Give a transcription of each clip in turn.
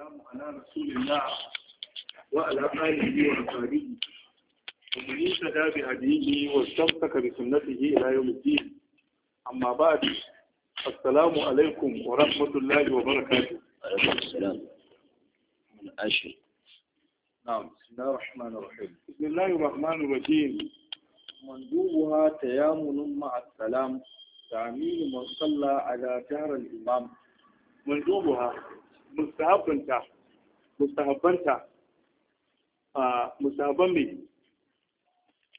والسلام على رسول الله وعلى آله وأصحابه ومن اهتدى بهديه واستمسك بسنته الى يوم الدين اما بعد السلام عليكم ورحمه الله وبركاته السلام من أشهر نعم بسم الله الرحمن الرحيم بسم الله الرحمن الرحيم منذوبها تيامن مع السلام تعميل من صلى على جهر الإمام منذوبها mustahabbanta mustahabbanta a mustahabban mai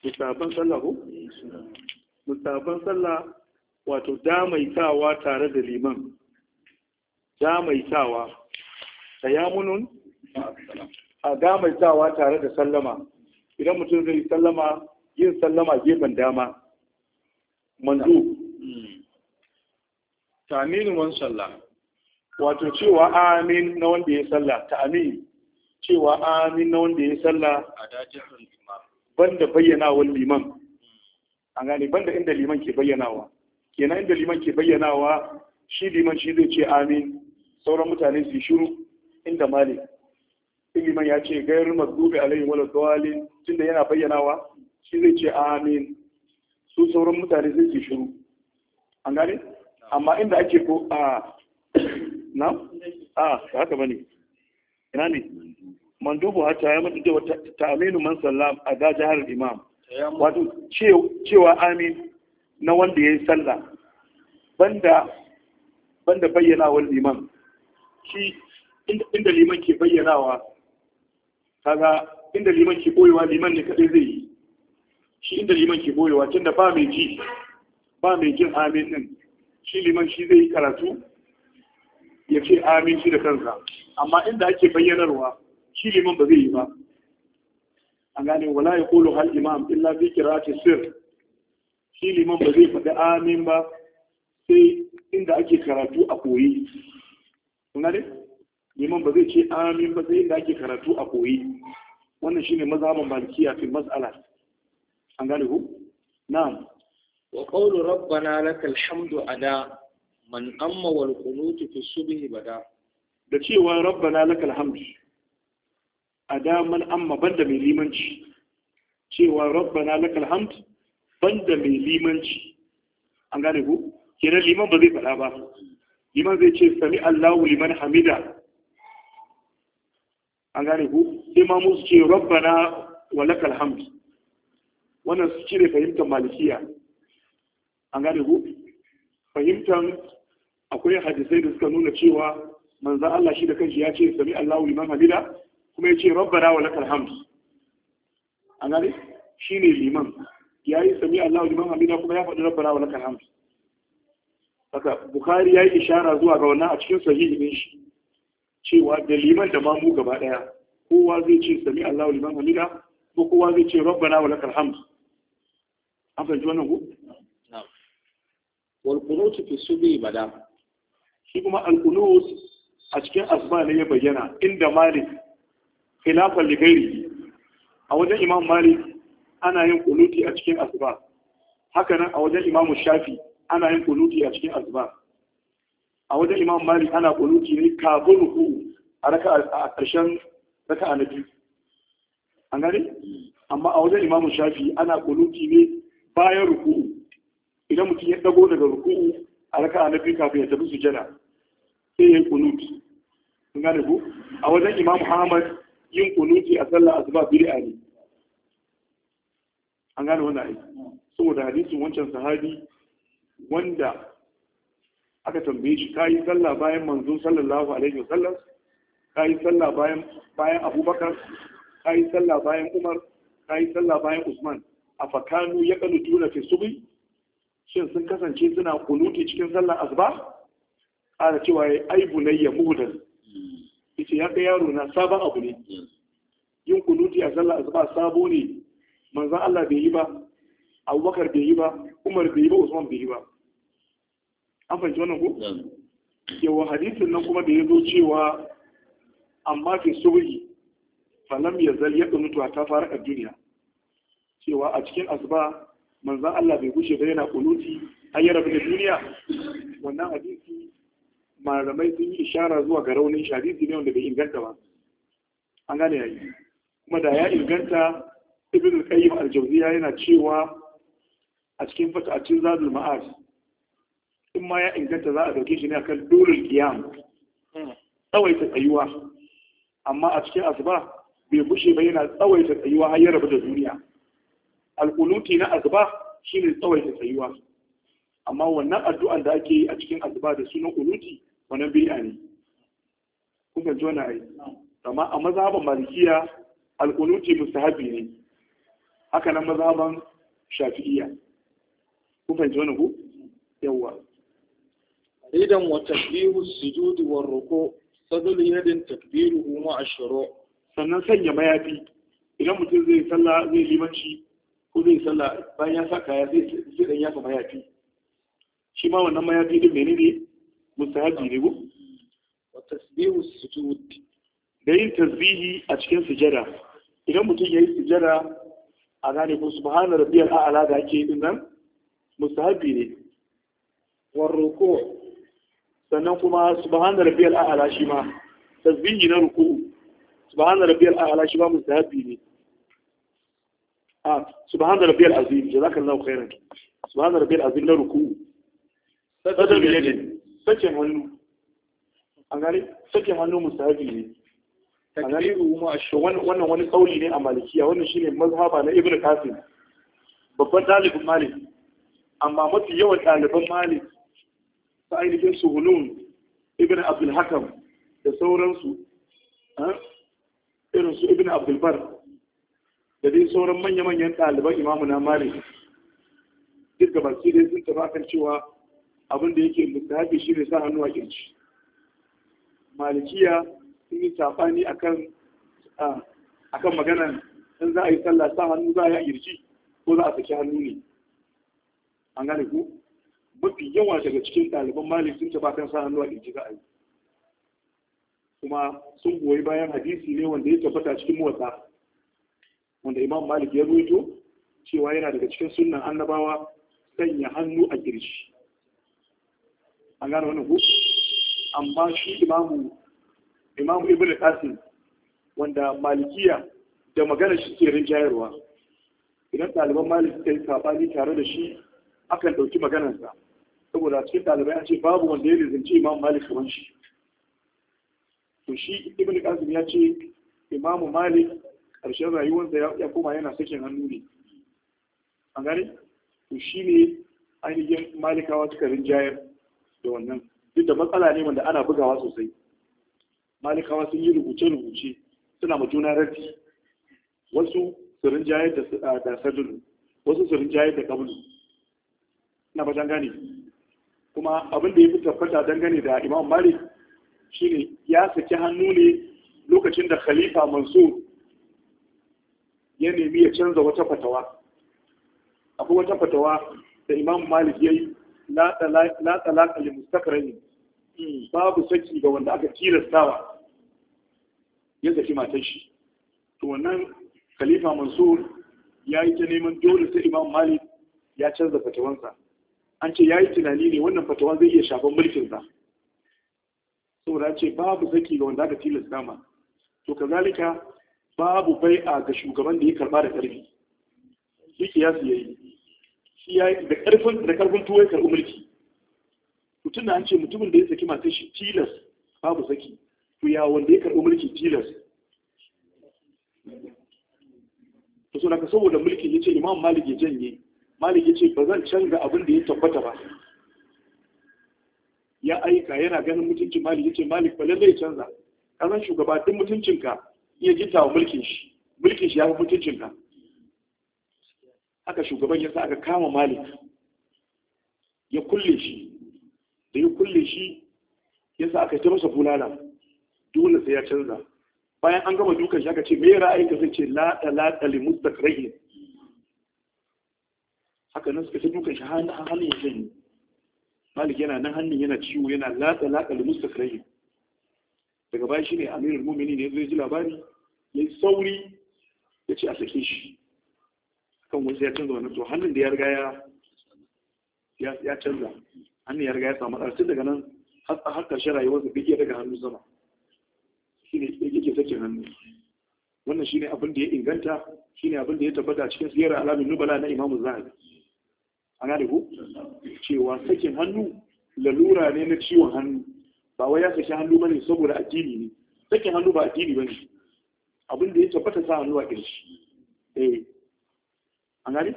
mustahabban sallah ko mustahabban sallah wato damaitawa tare da liman damaitawa yamunun? a damaitawa tare da sallama idan mutum zai sallama yin sallama gefen dama mandu hmm. taminu wani sallah wato cewa amin na wanda ya sallah ta amin cewa amin na wanda ya sallah banda bayyanawar liman an gane banda inda liman ke bayyanawa kenan inda liman ke bayyanawa shi liman shi zai ce amin sauran mutane su shiru inda malik liman ya ce gairin mazdubi alayhi wala dawalin tunda yana bayyanawa shi zai ce amin su sauran mutane zai su shiru an gane amma inda ake ko a na a haka ne. ina ne mandubu hatta ya mutu da ta aminu man sallam a ga jihar imam wato cewa amin na wanda ya yi sallah banda banda bayyanawar liman shi inda liman ke bayyanawa kaga inda liman ke boyewa liman ne kadai zai yi shi inda liman ke boyewa tunda ba mai ji ba mai jin amin din shi liman shi zai yi karatu ya ce amin shi da kansa amma inda ake bayyanarwa shi liman ba zai yi ba an gane wala ya kolo hal imam illa fi ce sir shi liman ba zai faɗi amin ba sai inda ake karatu a koyi kun gane liman ba zai ce amin ba sai inda ake karatu a koyi wannan shi shine mazhaban malikiya fi matsala an gane ku na. wa qawlu rabbana lakal hamdu ada man amma wal qunutu fi subhi bada da cewa rabbana lakal hamd a da man amma banda mai limanci cewa rabbana lakal hamd banda mai limanci an gane ku kenan liman ba zai faɗa ba liman zai ce sami Allahu liman hamida an gane ku sai ma musu ce rabbana wa lakal hamd wannan su cire fahimtar malikiya an gane ku fahimtar akwai hadisai da suka nuna cewa manzo Allah shi da kanshi ya ce sami Allahu liman hamida kuma ya ce rabbana wa lakal hamd an gane shine liman ya yi sami Allahu liman hamida kuma ya faɗi rabbana wa lakal hamd haka bukhari ya yi ishara zuwa ga wannan a cikin sahihi ne shi cewa da liman da mamu gaba daya kowa zai ce sami Allahu liman hamida ko kowa zai ce rabbana wa lakal hamd an fahimci wannan ku wal qunut fi subi bada. shi kuma al a cikin asma ne ya bayyana inda malik khilafan li ghairi a wajen imam malik ana yin kunuti a cikin asma haka nan a wajen imam shafi ana yin kuluti a cikin asma a wajen imam malik ana kunuti ne kafin ruku a raka a ƙarshen raka a na biyu an gane amma a wajen imam shafi ana kunuti ne bayan ruku idan mutum ya dago daga ruku a raka a na biyu kafin ya tafi sujada sai ya yi kunuti gane ku a wajen imam muhammad yin kunuti a sallah asuba bid'a ne an gane wannan aiki saboda hadisin wancan sahabi wanda aka tambaye shi kayi sallah bayan manzon sallallahu alaihi wa sallam kayi sallah bayan abubakar kayi sallah bayan umar kayi sallah bayan usman a fakanu ya kanu tuna fi subi shin sun kasance suna kunuti cikin sallar asuba ana cewa ya ai bunayya muhdal ita ya ga yaro na sabon abu ne yin kunuti a zalla a azba sabo ne manzan Allah bai yi ba Abubakar bai yi ba Umar bai yi ba Usman bai yi ba an fahimci wannan ko yawa hadisin nan kuma da ya zo cewa amma fi subhi falam yazal mutuwa ta fara a duniya cewa a cikin asuba manzan Allah bai gushe ba yana kunuti a ya da duniya wannan hadisi malamai sun yi ishara zuwa ga raunin shi hadisi ne wanda bai inganta ba an gane yayi kuma da ya inganta ibn al-qayyim al-jawziya yana cewa a cikin fata a zadul ma'ad in ma ya inganta za a dauke shi ne akan durul qiyam hmm. ta tsayuwa amma a cikin asuba bai bushe ba yana ta tsayuwa har ya rabu da duniya alƙuluti na asuba shine ta tsayuwa amma wannan addu'an da ake yi a cikin asuba da sunan uluti? wannan bid'a ne Kuma ji wani ayi. amma a mazhaban malikiya alqunuti mustahabi ne haka nan mazhaban shafi'iya. Kuma ji wani ku yawwa idan wa tasbihu sujud wa ruku sadul yadin takbiruhu ma ashiro sannan sanya mayafi idan mutum zai sallah zai limanci ko zai sallah bayan ya saka ya zai dan yafa mayafi shi ma wannan mayafi din menene mustahabi ne ko wa tasbihu sujud da yin tasbihi a cikin sujada idan mutum yayi sujada a gane ko subhana rabbiyal a'la da ake din nan mustahabi ne war ruku sannan kuma subhana rabbiyal a'la shi ma tasbihi na ruku subhana rabbiyal a'la shi ma mustahabi ne سبحان ربي العظيم جزاك الله خيرا سبحان ربي العظيم لا ركوع قدم يد sakin hannu a gari, sakin hannu musahabi ne wannan wani kauli ne a malikiya wannan shine mazhaba na ibnu qasim babban dalibin malik amma mafi yawan ɗaliban malik ta ainihin suhunun ibn abdul hakam da sauransu irin su ibn abdul bar da dai sauran manya-manyan ɗaliban imamu na malik duk da baki dai sun tafi kan cewa abin da yake shi ne sa hannu a kirci malikiya sun yi tafani akan kan magana in za a yi sallah sa hannu za a yi a kirci ko za a saki hannu ne an gane ku mafi yawa daga cikin ɗaliban malik sun taɓa kan sa hannu a kirci za a yi kuma sun goyi bayan hadisi ne wanda ya tabbata cikin motsa wanda imam malik ya ruwaito cewa yana daga cikin sunnan annabawa sanya hannu a kirci an gane wannan ku amma shi imamu imamu ibn qasim wanda malikiya da magana shi ke rinjayarwa idan ɗaliban maliki ta yi saɓani tare da shi akan ɗauki maganarsa saboda cikin ɗalibai ya ce babu wanda ya lizinci imam'u malik kamar shi to shi ibn qasim ya ce imamu malik ƙarshen rayuwarsa ya koma yana sakin hannu ne an gane to shi ne ainihin malikawa suka rinjayar da wannan duk da matsala ne wanda ana bugawa sosai malikawa sun yi rubuce-rubuce suna ma juna raddi wasu su rinjaye da ah, sadulu wasu su rinjaye da kabulu na ba dangane. kuma abin da ya fi tabbata dangane da imam malik shine ya saki hannu ne lokacin da khalifa mansur ya nemi ya canza wata fatawa akwai wata fatawa da imam malik ya yi la talaka li mustakrahin hmm. babu saki ga wanda aka tilastawa ya saki matar shi to wannan khalifa mansur ya yi ta neman dole sai imam malik ya canza fatawansa an ce ya yi tunani ne wannan fatawa zai iya shafan mulkin mulkinsa saboda ce babu saki ga wanda aka tilasta ma to kazalika babu bai'a ga shugaban da ya karba da karfi shi kiyasi yayi shi da karfin da karfin tuwai karɓi mulki mutum na an ce mutumin da ya saki masu shi tilas babu saki to ya wanda ya karɓi mulki tilas to so naka saboda mulki ya ce imam malik ya janye malik ya ce ba zan canza abin da ya tabbata ba ya aika yana ganin mutuncin malik ya ce malik ba lallai canza ka shugaba duk mutuncinka iya jinta wa mulkin shi mulkin shi ya fi mutuncinka haka shugaban ya sa aka kama malik ya kulle shi da ya kulle shi ya sa aka ta bulala dole sai ya canza bayan an gama dukan shi aka ce me ra'ayi ka zai ce la talata li haka nan suka ta dukan shi hannun hannun ya shanyi malik yana nan hannun yana ciwo yana latsa latsa da mustaqrahi daga baya ne amirin mu'minin ne zai ji labari yayi sauri ya ce a sake shi kan wasu ya canza wani to hannun da ya riga ya ya canza hannun ya riga ya samu matsala daga nan har ƙarshen rayuwarsa duk ya daga hannu sama shi ne yake sakin hannu wannan shi ne abin da ya inganta shi ne abin da ya tabbata cikin sirar alamin nubala na imamu zahabi A gane ku cewa sakin hannu lalura ne na ciwon hannu ba wai ya sake hannu bane saboda addini ne sakin hannu ba addini bane abin da ya tabbata sa hannu a kirshi eh an gani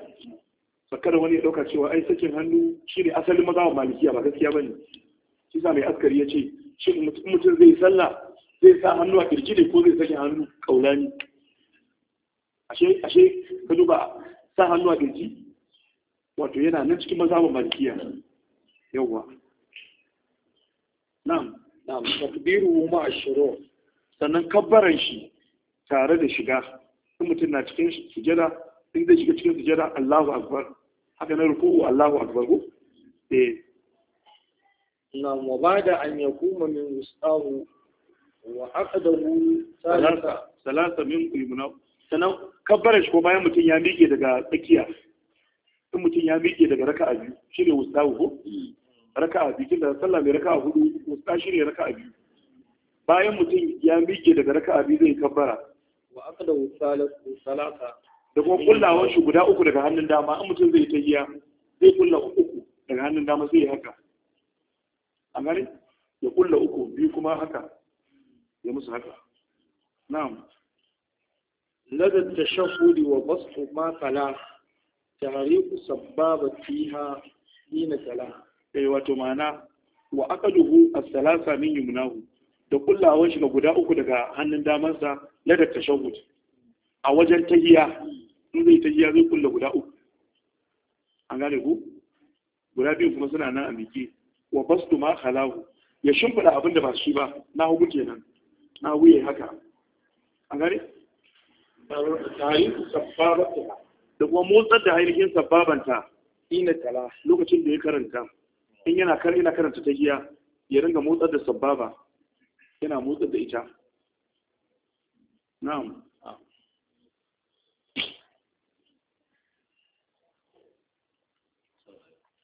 sakkar wani ya dauka cewa ai sakin hannu shine asalin wa malikiya ba gaskiya ne shi sa mai askari ya ce shin mutum zai sallah zai sa hannu a kirji ne ko zai sakin hannu kaulani ashe ashe ka duba sa hannu a kirji wato yana nan cikin mazhabin malikiya yawwa na'am na'am takbiru ma shiro sannan kabbaran shi tare da shiga in mutum na cikin sujada in zai shiga cikin sujada Allahu akbar haka na ruku Allahu akbar ko eh mu ba ba'da an kuma min wustahu wa aqdahu salasa salasa min qimna sanan kabbara shi ko bayan mutum ya miƙe daga tsakiya in mutum ya miƙe daga raka'a biyu shine wustahu ko mm. raka'a biyu da sallah mai raka'a hudu wusta shine raka'a biyu bayan mutum ya miƙe daga raka'a biyu zai kabbara wa aqdahu salasa da kuma kullawar shi guda uku daga hannun dama in mutum zai ta giya zai kulla uku daga hannun dama zai haka a gani ya kulla uku biyu kuma haka ya musu haka na'am ladar shafuri wa basu ma tala tahriku sababa fiha dina tala eh wato mana wa aqaduhu a salasa min munahu, da kullawar shi guda uku daga hannun damansa ladar shafuri a wajen tahiya in zai tahiya zai kulle guda uku an gane ku guda biyu kuma suna nan a miƙe wa bastu ma khalahu ya shimfida abin da ba shi ba na hagu kenan na hagu yayi haka an gane da kuma motsar da ainihin sababanta ina tala lokacin da ya karanta in yana kar ina karanta ta giya ya ringa motsar da sababa yana motsar da ita na'am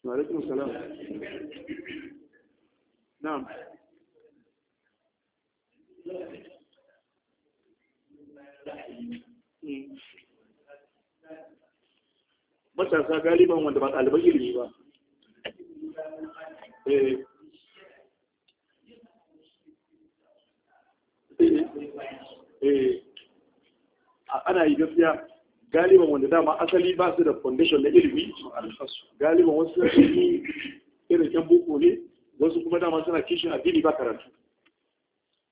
وعليكم السلام نعم matasa galiban wanda ba ɗaliban ilimi ba ana yi gaskiya galiban wanda dama asali ba su da foundation na ilimi galiban wasu suna yi irin yan boko ne wasu kuma dama suna kishin addini ba karatu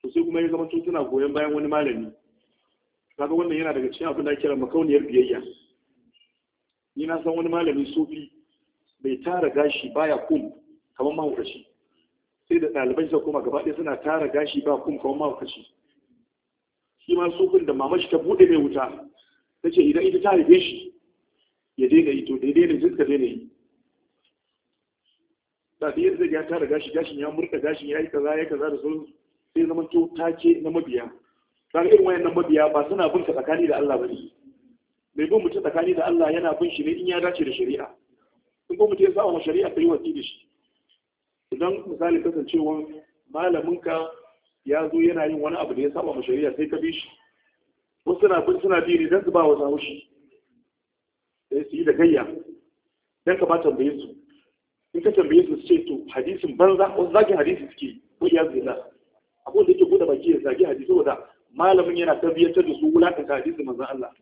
to sai kuma ya zama tun suna goyon bayan wani malami kaga wannan yana daga cikin abin da kira makauniyar biyayya ni na san wani malami sufi bai tara gashi baya kum kamar mahaukaci sai da ɗalibai suka koma gaba ɗaya suna tara gashi ba kum kamar mahaukaci shi ma sufin da mamashi ta buɗe mai wuta ta ce idan ita ta haife shi ya daina ito, to da ya daina daina yi ta ta zai ya tara gashi gashin ya murka gashin ya yi kaza ya kaza da sauran sai zama to ce na mabiya ta irin wayannan mabiya ba suna bin ka tsakani da Allah ba ne mai bin mutum tsakani da Allah yana bin shi ne in ya dace da shari'a in ko mutum ya sa wa shari'a ta yi wasi da shi idan misali kasancewa malaminka ya zo yana yin wani abu da ya saba ma shari'a sai ka bi shi ko suna bin suna biri don su ba wa zaushi sai su yi da gayya don ka ba tambaye su in ka tambaye su ce to hadisin banza wasu zagin hadisi suke ko iya zina abu da yake buɗe baki ya zagi hadisi saboda malamin yana tabbatar da su ka hadisin maza Allah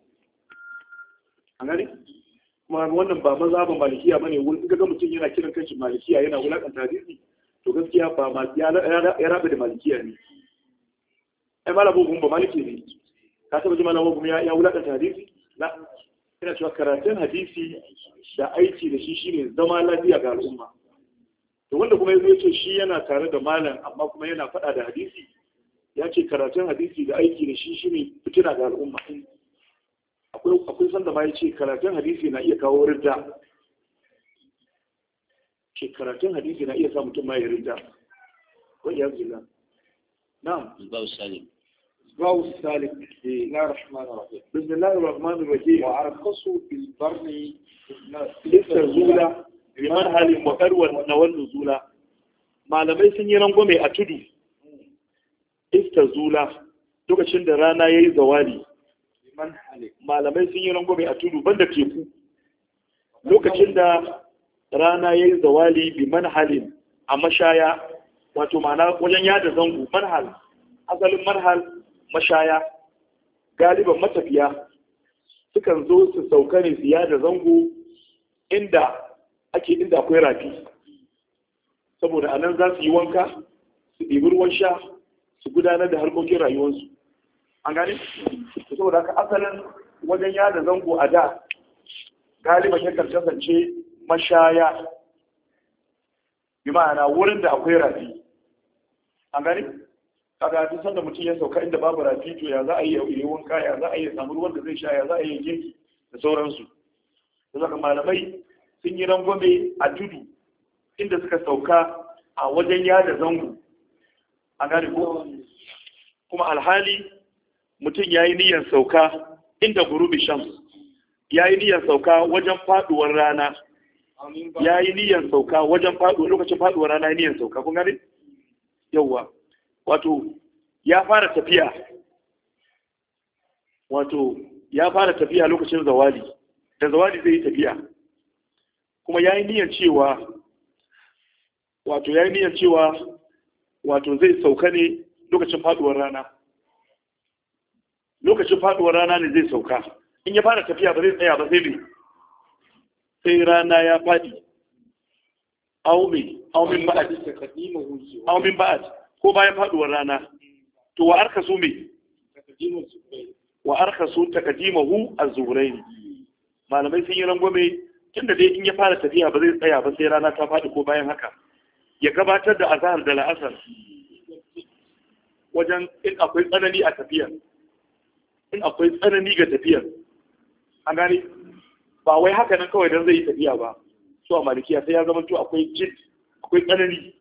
A gani kuma wannan ba maza ba malikiya ne wurin ga mutum yana kiran kanshi malikiya yana ta hadisi to gaskiya ba ma ya rabu da malikiya ne ai malamin ba maliki ne ka taba ji malamin kuma ya ta hadisi na ina cewa karatun hadisi da aiki da shi ne zama lafiya ga al'umma to wanda kuma ya ce shi yana tare da malam amma kuma yana faɗa da hadisi ya ce karatun hadisi da aiki da shi ne fitina ga al'umma akwai akwai sanda ma ce karatun hadisi na iya kawo ridda ce karatun hadisi na iya sa mutum ma ya ridda Ko iya billah na'am babu salim الغاو السالك بسم الله الرحمن الرحيم بسم الله الرحمن الرحيم وأرخص بالبرن لسه زولة بمرحل وقروة نوال زولة ما لم يسن ينقوم أتدو istazula lokacin da rana ya yi zawali malamai sun yi rangwame a tudu banda teku lokacin da rana ya yi zawali bi manhalin a mashaya wato mana wajen yada zango manhal asalin manhal mashaya galiban matafiya sukan zo su sauka ne siya da zango inda ake inda akwai rafi saboda anan za su yi wanka su ɗibi ruwan sha su gudanar da harkokin rayuwarsu an gani! saboda aka asalin wajen yada zango a da galiban yakan kasance mashaya bi ma'ana wurin da akwai rafi an gani! kaga duk sanda mutum ya sauka inda babu rafito ya za a yi wanka ya za a yi samu ruwan da zai sha ya za a yi girki da sauransu da zaka malamai sun yi rangwame a tudu inda suka sauka a wajen yada zango a gari ko kuma alhali mutum ya yi niyyar sauka inda gurubi shams ya yi niyyar sauka wajen faduwar rana ya yi niyyar sauka wajen faduwar lokacin faduwar rana ya niyyar sauka kun gane yawwa wato ya fara tafiya wato ya fara tafiya lokacin zawali da zawali zai yi tafiya kuma ya yi niyan cewa wato ya yi niyyar cewa wato zai sauka ne lokacin faduwar rana lokacin faduwar rana ne zai sauka in ya fara tafiya ba zai tsaya ba sai ne sai rana ya fadi aumi aumin ba'ad aumin ba'ad ko bayan faduwar rana to wa arka su me wa arka su takadimahu az malamai sun yi rangwame tunda dai in ya fara tafiya ba zai tsaya ba sai rana ta faɗi ko bayan haka ya gabatar da azhar da la'asar wajen in akwai tsanani a tafiya in akwai tsanani ga tafiya an gani ba wai haka nan kawai don zai yi tafiya ba To a malikiya sai ya zama to akwai jid akwai tsanani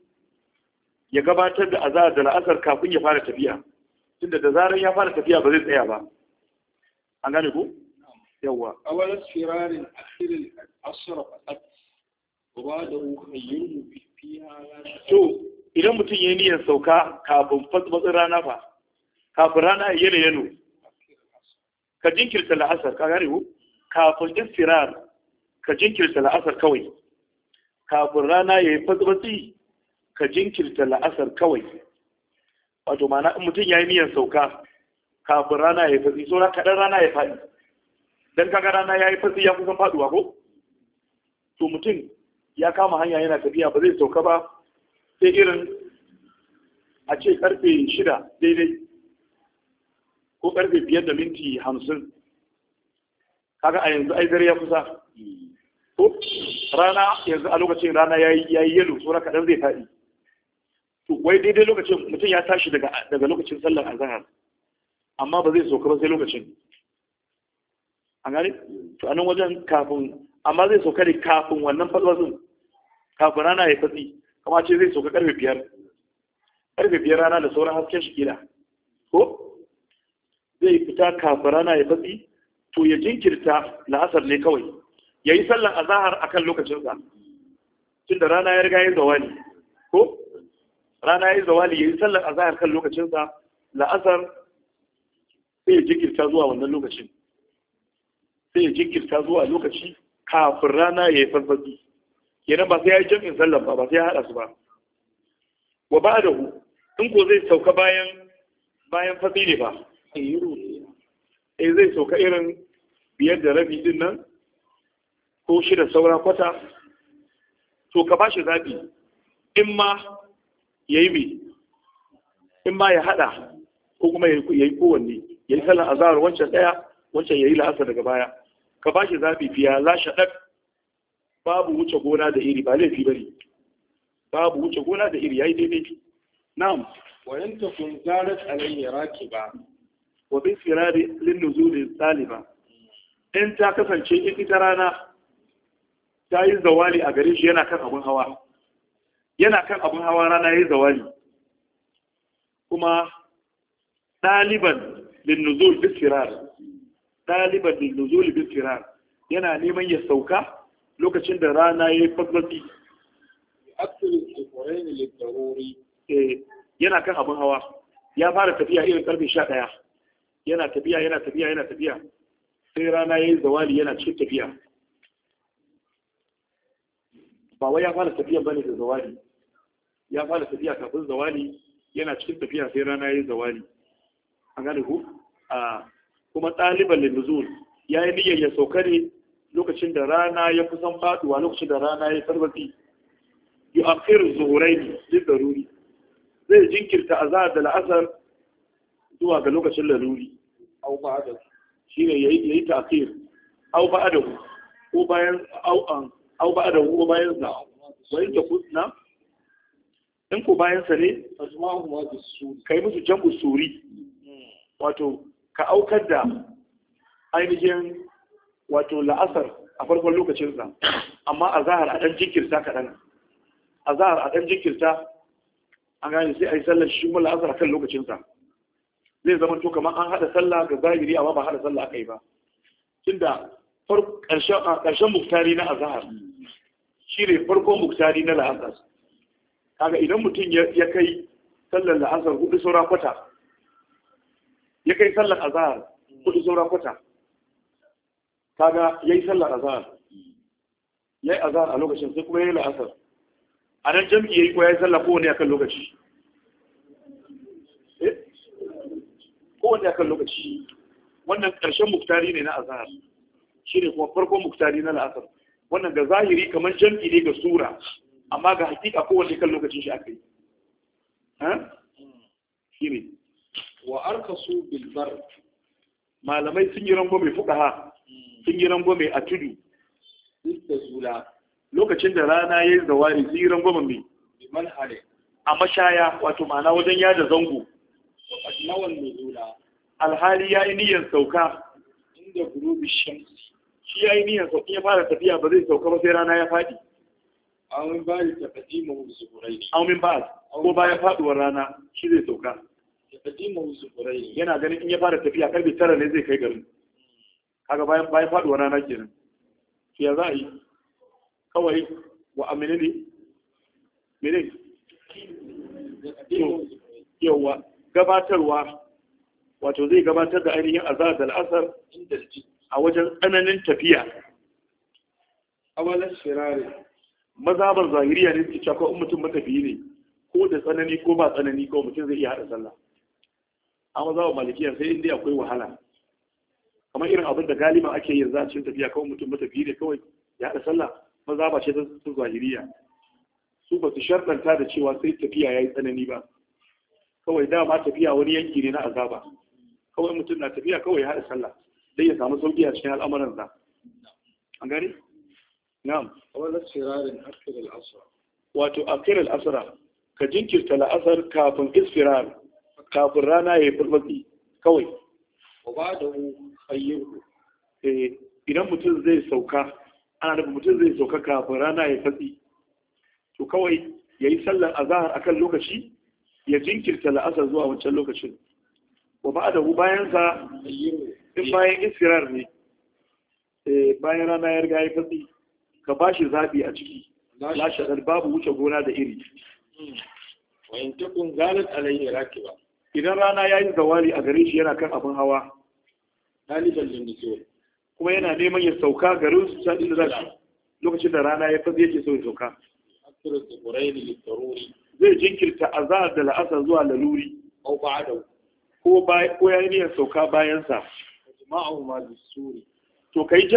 ya gabatar da azara da la'asar kafin ya fara tafiya tunda da zarar ya fara tafiya ba zai tsaya ba an gane ku yawa awal sirarin akhiril asr faqat wa da ukhayyun fiha to idan mutum yayi niyyar sauka kafin fatmatsin rana fa kafin rana ya yana yano ka jinkirta la'asar ka gane ku kafin istirar ka jinkirta la'asar kawai kafin rana ya yi fatmatsi ka jinkirta la'asar kawai wato ma'ana in mutum ya yi niyyar sauka kafin rana ya fasi so na kaɗan rana ya faɗi don kaga rana ya yi fasi ya kusa faɗuwa ko to mutum ya kama hanya yana tafiya ba zai sauka ba sai irin a ce karfe shida daidai ko karfe biyar da minti hamsin kaga a yanzu ai dare ya kusa mm. ko rana yanzu a lokacin rana ya yi yalo so na kaɗan zai faɗi wai daidai lokacin mutum ya tashi daga lokacin sallar azahar, amma ba zai sauka ba sai lokacin an gani? to anan wajen kafin amma zai sauka ne kafin wannan falwasin kafin rana ya fatsi kama ce zai sauka karfe biyar karfe biyar rana da sauran hasken shi gida ko zai fita kafin rana ya fatsi to ya jinkirta la'asar ne kawai ya yi sallar azahar akan lokacinsa tun da rana ya riga yin zawani ko rana ya yi zawali ya yi sallar a zahar kan lokacinsa la'asar sai ya jikirta zuwa wannan lokacin sai ya jikirta zuwa lokaci kafin rana ya yi farfaki kenan ba sai ya yi jam'in sallar ba ba sai ya haɗa su ba wa ba da hu in ko zai sauka bayan bayan fasi ne ba eh zai sauka irin biyar da rabi din nan ko shida saura kwata to ka ba shi zaɓi in ma ya yi bi in ma ya haɗa ko kuma ya yi kowanne ya yi sallar azahar wancan ɗaya wancan ya yi la'asa daga baya ka ba shi zaɓi fiya la shaɗar babu wuce gona da iri ba laifi bari babu wuce gona da iri ya yi daidai na'am wayan ta kun zarar alayya raki ba wa bin firari lin nuzulin saliba in ta kasance in ita rana ta yi zawali a gare shi yana kan abin hawa yana kan abin hawa rana ya yi zawali kuma ɗaliban linnuzul bisirar ɗaliban linnuzul bisirar yana neman ya sauka lokacin da rana ya yi fasbasi yana kan abin hawa ya fara tafiya irin karfe sha ɗaya yana tafiya yana tafiya yana tafiya sai rana ya yi zawali yana cikin tafiya ba wai ya fara tafiya bane da zawali ya fara tafiya kafin zawali yana cikin tafiya sai rana yi zawali A gane ku a kuma ɗaliban nuzul ya yi niyyar ya sauka lokacin da rana ya kusan faduwa lokacin da rana ya sarbatsi yu akhir zuhuraini lil daruri zai jinkirta azhar da la'asar zuwa ga lokacin laruri au ba'da shine yayi yayi ta'khir au ba'da ko bayan au an au ba'da ko bayan za wai ta na? in bayan bayansa ne kai musu jam'u suri wato ka aukar da ainihin wato la'asar a farkon lokacinsa amma a zahar a ɗan jinkirta kaɗan a zahar a ɗan jinkirta an gane sai a yi sallar shi mu la'asar a kan lokacinsa zai zama to kamar an haɗa sallah ga zahiri amma ba haɗa sallah aka yi ba tunda ƙarshen muktari na azahar shi ne farkon muktari na la'asar kaga idan mutum ya kai sallar la'asar hudu saura kwata ya kai sallar azahar hudu saura kwata kaga ya yi sallar azahar ya yi azahar a lokacin sai kuma ya yi la'asar a nan jam'i ya yi ko ya yi sallar kowane akan lokaci eh? kowane akan lokaci wannan ƙarshen muktari ne na azahar shi ne kuma farkon muktari na la'asar wannan ga zahiri kamar jam'i ne ga sura amma ga hakika kowanne kan lokacin shi aka yi shine ne wa arkasu bilbar malamai sun yi rango mai ha hmm. sun yi rango mai a tudu lokacin da rana ya yi zawari sun yi rango mai a mashaya wato ma'ana wajen yada zango alhali ya yi niyyar sauka inda gurubi shi ya yi niyyar sauka ya fara tafiya ba zai sauka ba sai rana ya faɗi aw min ba'di da zuhrayn aw min ba'd ko bayan faduwar rana shi zai sauka yana ganin in ya fara tafiya karfe tara ne zai kai garin kaga bayan bayan faduwar rana kenan to ya za a yi kawai wa amini ne mene yawa gabatarwa wato zai gabatar da ainihin azhar da al'asar a wajen tsananin tafiya mazhabar zahiriya ne suke cewa in mutum matafiyi ne ko da tsanani ko ba tsanani ko mutum zai iya haɗa sallah a mazhabar malikiya sai inda akwai wahala kamar irin abin da galiba ake yin za a cikin tafiya kawai mutum matafiyi ne kawai ya haɗa sallah mazhaba ce ta zahiriya su ba su sharɗanta da cewa sai tafiya ya yi tsanani ba kawai dama tafiya wani yanki ne na azaba kawai mutum na tafiya kawai ya haɗa sallah dai ya samu sauƙi a cikin al'amuransa an gani na'am wala sirarin akhir al-asr wato akhir al-asr ka jinkirta la'asar kafin isfirar kafin rana ya furbatsi kawai ba da ayyuhu eh idan mutum zai sauka ana da mutum zai sauka kafin rana ya fatsi to kawai ya yi sallar azahar a kan lokaci ya jinkirta la'asar zuwa wancan lokacin wa ba da sa in bayan iskirar ne Eh bayan rana ya riga ya fatsi ka ba shi zaɓi a ciki la shaɗar babu wuce gona da iri wayan takun galat alayhi rakiba idan rana ya yi zawali a gare shi yana kan abin hawa ɗaliban da kuma yana neman ya sauka garin su sa'in da zafi lokacin da rana ya fasa yake so ya sauka zai jinkirta azahar da la'asar zuwa laluri ko ya yi niyyar sauka bayansa to ka yi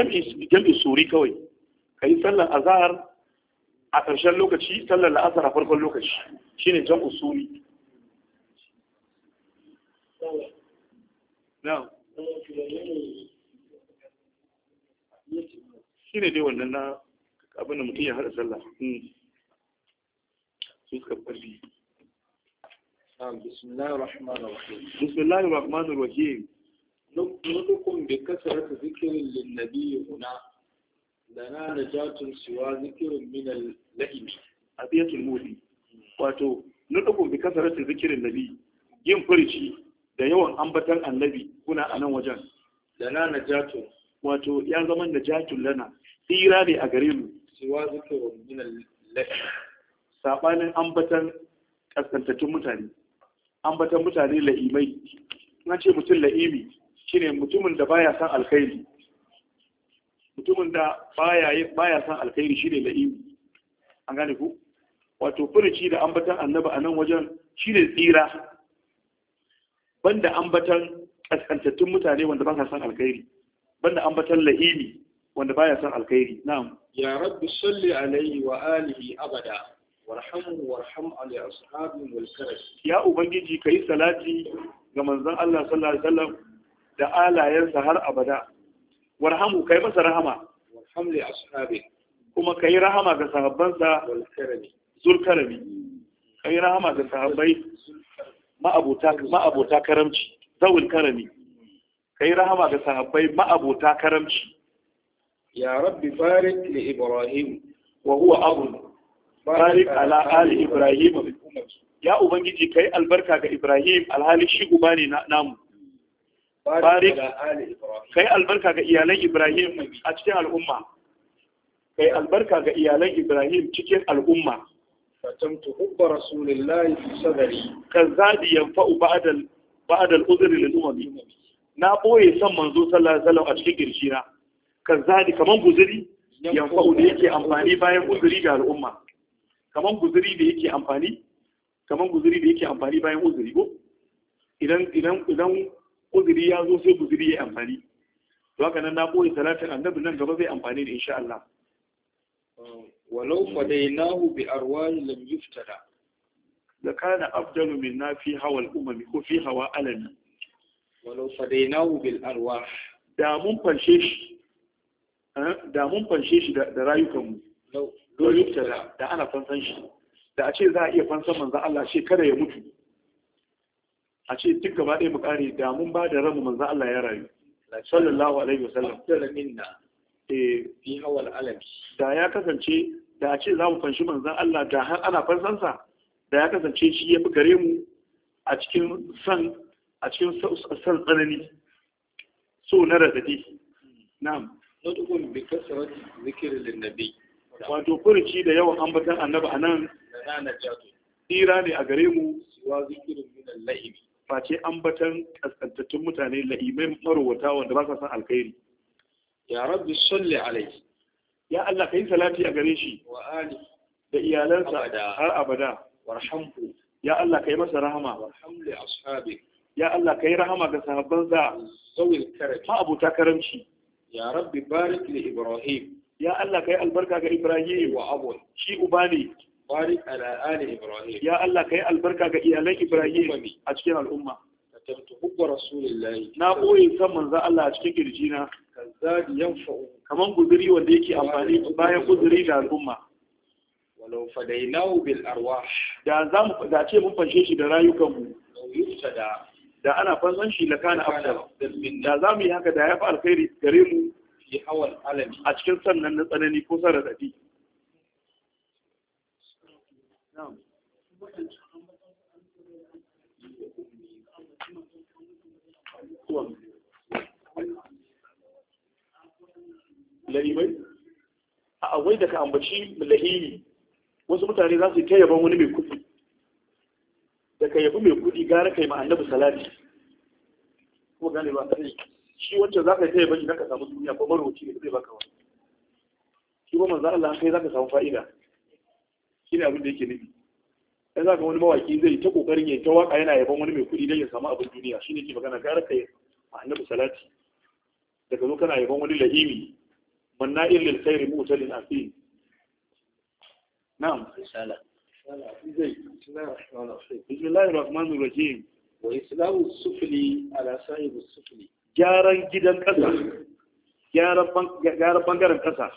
jam'i suri kawai ka yi sallar azahar a ƙarshen lokaci sallar la'asar a farkon lokaci shine jan usuli shi ne dai wannan na abinda mutum ya haɗa sallar hmm. su suka ƙarfi bismillahir rahmanir rahim nutukun bi kasarati بكثرة ذكر للنبي huna lana najatun siwa zikirin min al a abiyatul mudi wato nutqu bi kasratin zikirin nabi yin furici da yawan ambatan annabi kuna a nan wajen na najatun wato ya zama najatun lana tsira ne a gare mu siwa zikirin min al-la'imi sabanin ambatan kaskantattun mutane ambatan mutane la'imai na ce mutum la'imi shine mutumin da baya san alkhairi mutumin da baya san alkhairi shi ne la'imi an gane ku wato furuci da ambatan annaba a nan wajen shi ne tsira banda ambatan kaskantattun mutane wanda ba sa san alkhairi banda ambatan la'imi wanda baya san alkhairi na'am ya rabbi salli alaihi wa alihi abada warhamu warham ali ashabi wal karas ya ubangiji kai salati ga manzon Allah sallallahu alaihi wasallam da alayensa har abada warhamu kai masa rahama warhamli ashabi kuma kai rahama ga sahabbansa zulkarami kai rahama ga sahabbai ma'abota ma'abota karamci zawul karami kai rahama ga sahabbai ma'abota karamci ya rabbi barik li ibrahim wa huwa abu barik ala ali ibrahim ya ubangiji kai albarka ga ibrahim alhali shi uba ne namu barik kai albarka ga iyalan Ibrahim a cikin al'umma kai albarka ga iyalan Ibrahim cikin al'umma fatamtu hubba rasulillahi sadari sadri kazadi yanfa'u ba'dal ba'dal udri lil umami na boye san manzo sallallahu alaihi wasallam a cikin girshina kazadi kaman guzuri yanfa'u da yake amfani bayan guzuri ga al'umma kaman guzuri da yake amfani kaman guzuri da yake amfani bayan guzuri ko idan idan idan uzuri ya zo sai uzuri ya amfani to haka nan na koyi salatin annabi nan gaba zai amfani da insha Allah walau fadainahu bi arwahi lam yuftada da kana afdalu na fi hawa al-umami ko fi hawa alami walau fadainahu bil arwah da mun fanshe shi eh, da mun fanshe shi da rayukanmu da da ana fansan shi da a ce za a iya fansan manzo Allah shekara ya mutu a ce duk gaba ɗaya mu kare da mun ba da ranmu manzan Allah ya rayu sallallahu alaihi wasallam eh. fi hawal alami da ya kasance da a ce za mu fanshi manzan Allah da har ana fansansa da ya kasance shi ya fi gare mu a cikin san a cikin san tsanani so na radadi na'am nutqun bi kasrati zikri lin wato furici da yawan ambatan annabi anan na najatu tsira ne a gare mu siwa zikirin min la'ibi. face ambatan kaskantattun mutane la'imai marowata wanda ba sa san alkhairi ya rabbi salli alaihi ya Allah ka yi salati a gare shi wa ali da iyalansa har abada warhamhu ya Allah ka yi masa rahama warhamli ashabi ya Allah ka yi rahama ga sahabban sa zawil karam ma abuta karamci ya rabbi barik li ibrahim ya Allah ka yi albarka ga ibrahim wa abu shi uba ne barik ala ali ya Allah kai albarka ga iyalan ibrahim a cikin al'umma na boye kan manzo Allah a cikin kirjina kazadi yanfa'u kaman guduri wanda yake amfani bayan guduri da al'umma walau fadainahu bil arwah da za mu da ce mun fanshe shi da rayukan da ana fansan shi lakana afdal da za mu yi haka da ya fi alkhairi gare mu fi alami a cikin sannan na tsanani ko sarrafi lalimai a wai da ka ambaci lahimi wasu mutane za su yi ta yaban wani mai kudi da ka yabi mai kudi gara kai ma'annabi salati kuma gane ba sai shi wancan za ka yi ta yaban shi ka samu duniya ko marwaci da zai baka wa shi ba manzo Allah kai za ka samu fa'ida shi ne abin da yake nufi sai za ka wani mawaki zai ta kokarin ya ta waka yana yaban wani mai kuɗi don ya samu abin duniya shi ne ke magana gara ka a annabi salati daga zo kana yaban wani lahimi manna illil khairi mutalin asim na'am inshallah bismillahir rahmanir rahim wa islamu sufli ala sahibus sufli gyaran gidan kasa gyaran bangaren kasa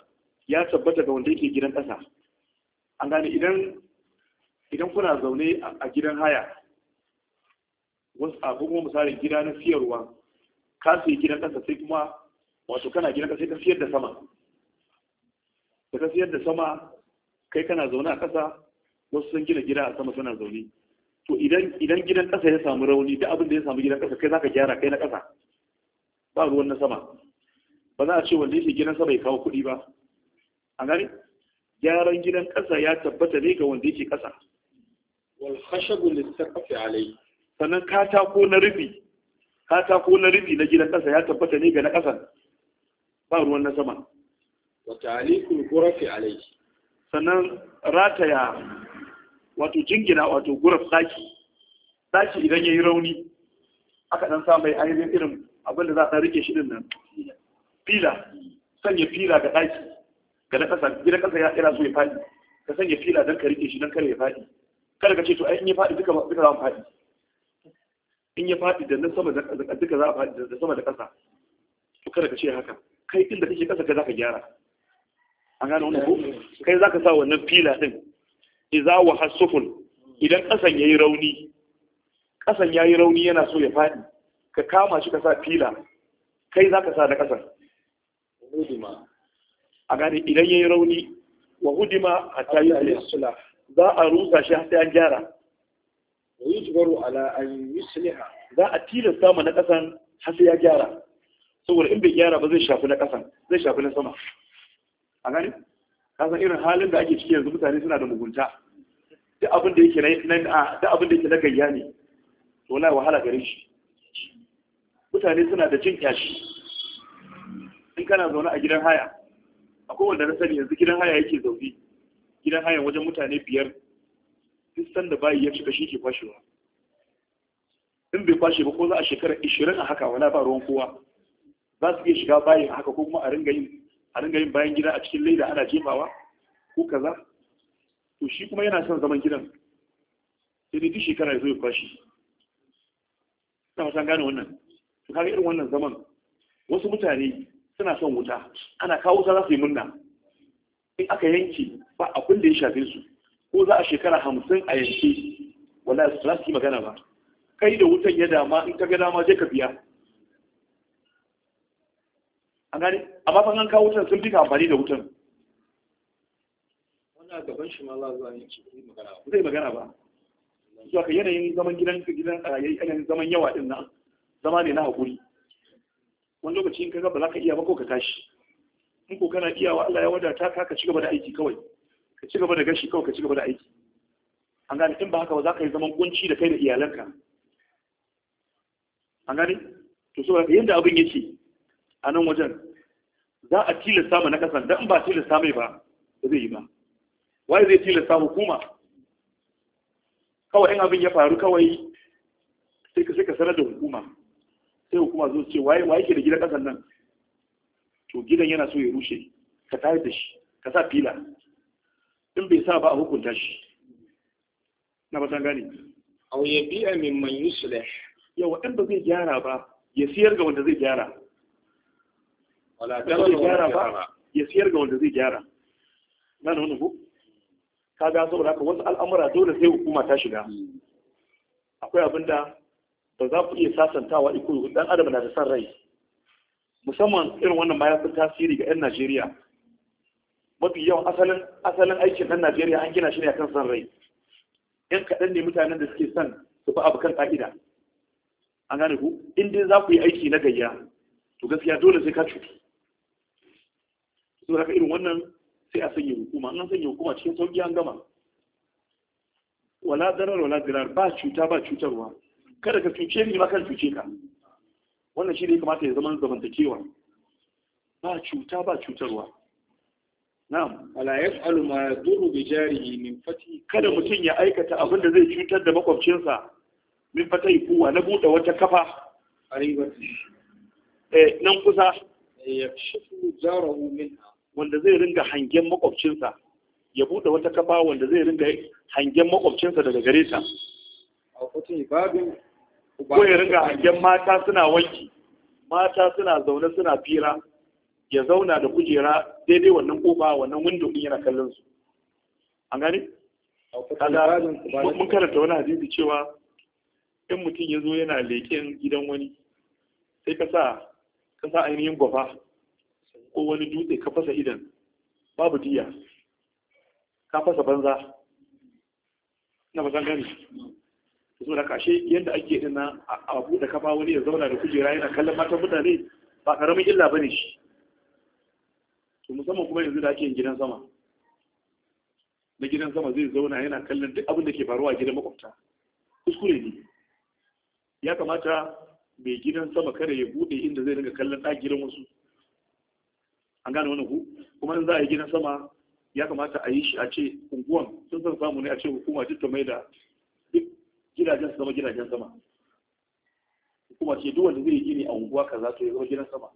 ya tabbata ga wanda yake gidan kasa an gane idan idan kuna zaune a gidan haya wasu abu kuma misalin gida na siyarwa ka sai gidan ƙasa sai kuma wato kana gidan ƙasa sai ka siyar da sama da ka siyar da sama kai kana zaune a ƙasa wasu sun gina gida a sama suna zaune to idan idan gidan ƙasa ya samu rauni da abin da ya samu gidan ƙasa kai zaka gyara kai na ƙasa ba ruwan na sama ba za a ce wanda yake gidan sama ya kawo kuɗi ba an gani gyaran gidan ƙasa ya tabbata ne ga wanda yake ƙasa wal khashabu lisaqafi alai sannan katako na rufi katako na rufi na gidan ƙasa ya tabbata ne ga na ƙasan ba ruwan na sama wa ta'liqul gurafi alai sannan rataya wato jingina wato guraf saki saki idan ya yi rauni aka dan sa mai ainihin irin abin da za a rike shi din nan fila sanya fila ga ɗaki ga na ƙasa gidan ƙasa ya tsira so ya faɗi ka sanya fila don ka rike shi don kare ya faɗi kada ka ce to ai in ya faɗi duka duka za mu faɗi in ya faɗi da nan sama da duka za a faɗi da sama da ƙasa to kada ka ce haka kai inda kake ƙasa ka za ka gyara an gane wannan ko kai za ka sa wannan fila ɗin iza wa hasufun idan ƙasan ya yi rauni ƙasan ya yi rauni yana so ya faɗi ka kama shi ka sa fila kai za ka sa na ƙasan. a gane idan yayi rauni wa hudima a yuslah za a rusa shi har sai an gyara wa jibaru ala an yusliha za a tilasta ma na kasan har sai ya gyara saboda in bai gyara ba zai shafi na kasan zai shafi na sama a gane kasan irin halin da ake ciki yanzu mutane suna da mugunta duk abin da yake na duk abin da yake na gayya ne to na wahala gare shi mutane suna da jin kyashi in kana zaune a gidan haya akwai wanda na sani yanzu gidan haya yake zaune gidan haya wajen mutane biyar duk sanda bayi ya cika shi ke kwashewa in bai kwashe ba ko za a shekara ishirin a haka wala ba ruwan kowa za su iya shiga bayin a haka ko kuma a ringa yin a ringa yin bayan gida a cikin leda ana jefawa ko kaza to shi kuma yana son zaman gidan sai dai duk shekara ya zo ya kwashe ina fatan gane wannan to kaga irin wannan zaman wasu mutane suna son wuta ana kawo wuta za su yi murna in aka yanke ba abin da ya shafe su ko za a shekara hamsin a yanke wala su za su yi magana ba kai da wutan ya dama in ka ga dama je ka biya A gani amma fa an kawo wutan sun fi amfani da wutan wannan gaban shi ma za a yanke zai magana ba zuwa ka yanayin zaman gidan gidan yanayin zaman yawa din nan zama ne na haƙuri wani lokaci in ka ba za ka iya ba ko ka tashi in ko kana iyawa Allah ya wadata ka ka cigaba da aiki kawai ka cigaba da gashi kawai ka cigaba da aiki an gane in ba haka ba za ka yi zaman kunci da kai da iyalanka an gane to saboda yadda abin yake a nan wajen za a tilasta mu na kasan dan ba tilasta mai ba ba zai yi ba wai zai tilasta hukuma kawai in abin ya faru kawai sai ka sai ka sanar da hukuma sai hukuma zo ce waye waye ke da gidan kasan nan to gidan yana so ya rushe ka tayar da shi ka sa fila in bai sa ba a hukunta shi na ba san gane aw ya min man yuslih yawa in ba zai gyara ba ya siyar ga wanda zai gyara wala zai gyara ba ya siyar ga wanda zai gyara nan nuna ku kaga saboda haka wasu al'amura dole sai hukuma ta shiga hmm. akwai abinda ba za ku iya sasantawa iko dan adam na da san rai musamman irin wannan ma ya fi tasiri ga 'yan Najeriya mafi yawan asalin asalin aikin ɗan Najeriya an gina shi ne akan san rai yan kaɗan ne mutanen da suke son su fi abu kan ƙa'ida an gane ku in dai za ku yi aiki na gayya to gaskiya dole sai ka cutu so haka irin wannan sai a sanya hukuma an sanya hukuma cikin sauƙi an gama wala darar wala dirar ba cuta ba cutarwa kada ka cuce ni ba kan cuce ka wannan shi ne kamata ya zaman zamantakewa ba cuta ba cutarwa na'am ala yaf'alu ma yadurru bi jarihi min fati kada mutum ya aikata abin da zai cutar da sa min fatai kuwa na buɗe wata kafa eh nan kusa eh, ya shifu jarahu minha wanda zai ringa hangen sa ya buɗe wata kafa wanda zai ringa hangen sa daga gare ta a kutu babin ko ya ringa hangen mata suna wanki mata suna zaune suna fira ya zauna da kujera daidai wannan kofa wannan windo din yana kallon su an gane mun karanta wani hadisi cewa in mutum ya zo yana leƙen gidan wani sai ka sa ka sa ainihin gwafa ko wani dutse ka fasa idan babu diya ka fasa banza na ba gani so da kashe yadda ake din na abu da kafa wani ya zauna da kujera yana kallon matan mutane ba karamin illa ba ne shi to musamman kuma yanzu da ake yin gidan sama na gidan sama zai zauna yana kallon duk abin da ke faruwa a gidan makwabta kuskure ne ya kamata mai gidan sama kada ya buɗe inda zai dinga kallon ɗaki gidan wasu an gane wani ku kuma in za a yi gidan sama ya kamata a yi shi a ce unguwan sun san samu ne a ce hukuma duk ta mai da gidajen su zama gidajen sama kuma ce duk wanda zai yi gini a unguwa kaza to ya zama gidan sama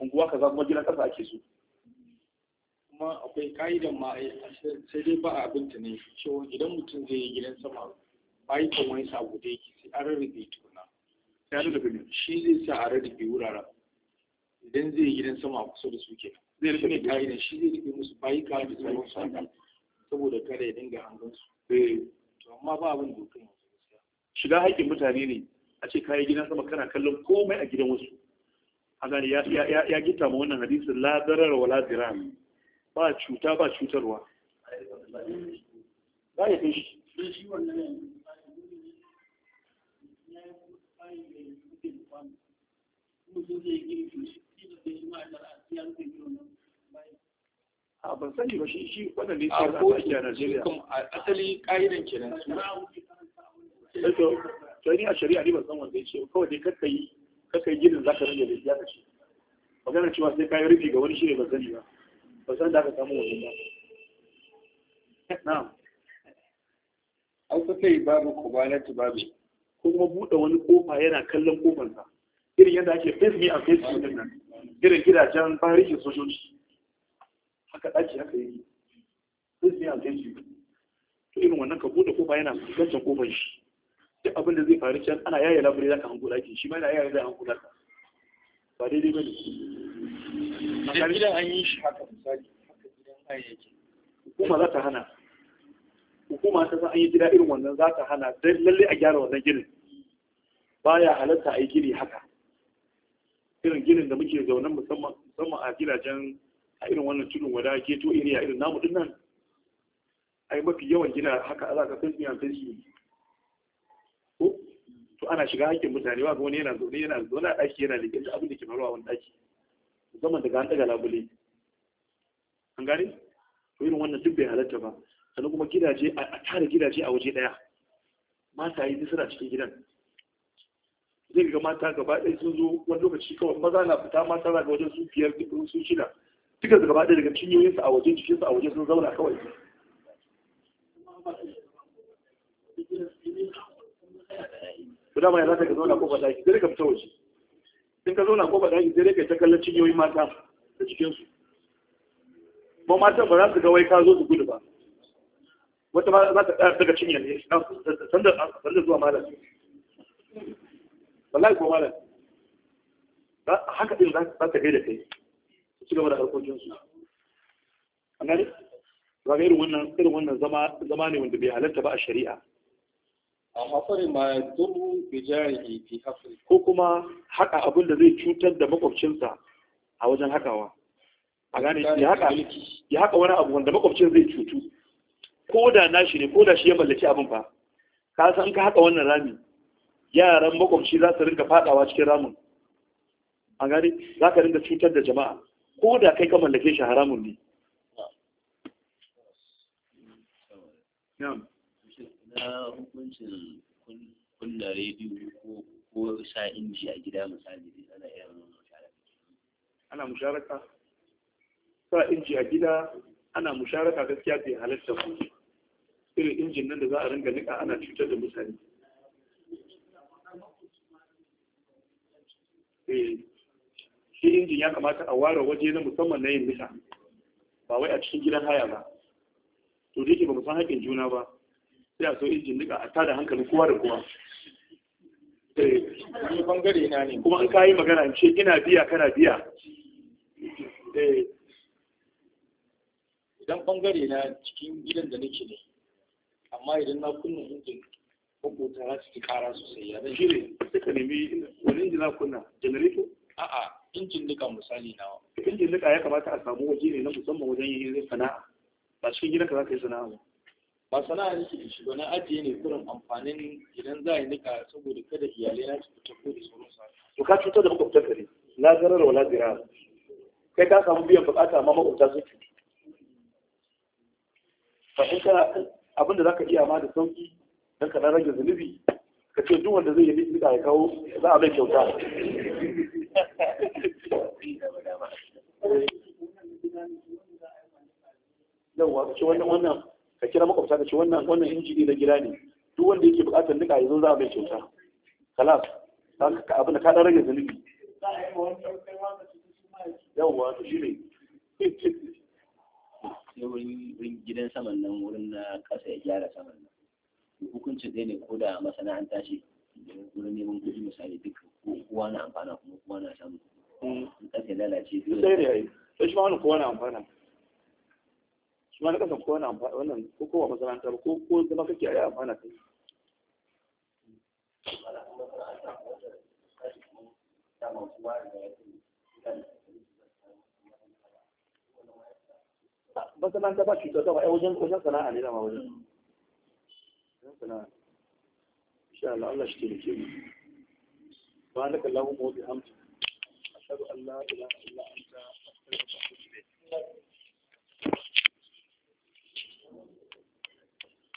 unguwa kaza kuma gidan kasa ake so kuma akwai ka'idan ma eh, sai dai ba abin ta ne cewa idan mutum zai yi gidan sama ba yi kan wani sabu da yake sai an rarrabe tukuna ya an gani shi zai sa a rarrabe wuraren idan zai yi gidan sama a kusa da su kenan zai rufe ka'idan shi zai rufe musu bayika da sauran su saboda kada ya dinga hangon su eh. to amma ba abin dokin shiga haƙƙin mutane ne a ce kayi gidan sama kana kallon komai a gidan wasu a gane ya ya gita ma wannan hadisin la darar wa la ba cuta ba cutarwa ba ya shi a ban sani ba shi shi wannan ne a a asali ƙa'idan kenan Sai eh, to ni a shari'a ne ban san wanda yace kawai dai kaka yi kaka yi ginin zaka rage da zaka ce magana cewa sai kai rufi ga wani shi ne ban sani ba ban san da aka samu wannan ba na'am an ka kai babu kubalatu babu ko kuma buɗe wani kofa yana kallon kofansa irin yadda ake face me a face me din nan irin gidajen barikin sojoji haka ɗaki haka yi face me a face me to irin wannan ka buɗe kofa yana kallon kofan shi duk abin da zai faru can ana yaya labure zaka hango ɗakin shi ma yana yaya zai hango ɗakin ba daidai ba ne a gidan an yi shi haka misali haka gidan an hukuma za ta hana hukuma ta san an yi gida irin wannan za ta hana don lalle a gyara wannan ginin baya halatta a yi gini haka irin ginin da muke zaune musamman a gidajen a irin wannan tudun wada geto a irin namu din nan ai mafi yawan gina haka za ka san biyan sai ana shiga hakkin mutane ba wani yana zaune yana zaune a ɗaki yana da da abin da ke faruwa wani ɗaki musamman daga an ɗaga labule an gane to irin wannan duk bai halatta ba sannan kuma gidaje a tara gidaje a waje ɗaya mata yi suna cikin gidan zai ga mata gaba ɗaya sun zo wani lokaci kawai maza na fita mata za ga wajen su biyar su shida duka gaba ɗaya daga cinyoyinsu a waje jikinsu a waje sun zauna kawai to dama ya za ka zauna kofar daki sai ka fita waje in ka zauna kofar daki sai ka ta kallon cinyoyin mata da jikinsu ba matan ba za su ga wai ka zo su gudu ba wata ma za ta ɗaya daga cinyar ne sandar zuwa malam wallahi ko malam haka ɗin za ta gaida kai su ci gaba da harkokinsu A gani ba ga irin wannan zama ne wanda bai halatta ba a shari'a a hafari ma ya dubu bi jari fi hafari ko kuma haka abin da zai cutar da makwabcinsa a wajen hakawa a gane ya haka ya haka wani abu wanda makwabcin zai cutu ko da nashi ne ko da shi ya mallaki abin fa ka san ka haka wannan rami yaran makwabci za su rinka fadawa cikin ramin a gane za ka rinka cutar da jama'a ko da kai ka mallake shi haramun ne Yeah. shiga hukuncin kunna rediyo ko sa inji a gida misali ana irin musharaka ana musharaka sa inji a gida ana musharaka gaskiya bai halatta ku irin injin nan da za a ringa nika ana cutar da mutane eh, shi injin ya kamata a ware waje na musamman na yin nisa ba wai a cikin gidan haya ba to jiki ba mu san haƙƙin juna ba sai a so injin nika a tada hankalin kowa da kowa eh. ni bangare na ne kuma an kayi magana ce ina biya kana biya eh. idan bangare na cikin gidan da nake ne amma idan na kunna injin makota za su ci kara sosai ya zan Jire, sai ka nemi wani injin na kunna generator a'a injin nika misali nawa injin nika ya kamata a samu waje ne na musamman wajen yin sana'a ba cikin ka za ka yi sana'a ba ba sana'a nake da shi ba na ajiye ne kurin amfanin idan za a yi nika saboda kada iyalai na su fita ko da sa. to ka cutar da makwabta kare, ne zarar wala dirar kai ka samu biyan bukata amma makwabta sun cutu abinda za ka abin da iya ma da sauki don ka rage zunubi ka ce duk wanda zai yi nika ya kawo za a bai kyauta yawwa ce wannan wannan kira makwabta da ce wannan wannan inji ne na gida ne duk wanda yake buƙatar nika yanzu za a mai kyauta kalas ka abin da ka dan rage zunubi yawwa to shi ne wurin gidan saman nan wurin na ƙasa ya gyara saman nan hukuncin zai ne ko da masana'anta ce wurin neman kuɗi misali duk kowa na amfana kuma kowa na samu in mm. ƙasa ya lalace duk shi ma wani kowa na amfana shi ma na kasan ko wannan ko kowa masana'anta ko ko zama kake a yi amfana kai masana'anta ba cutar ta ba ai wajen wajen sana'a ne ma wajen sana'a insha Allah Allah shi ke da ke بارك اللهم a shaɗu أن لا a إلا أنت أستغفرك وأتوب إليك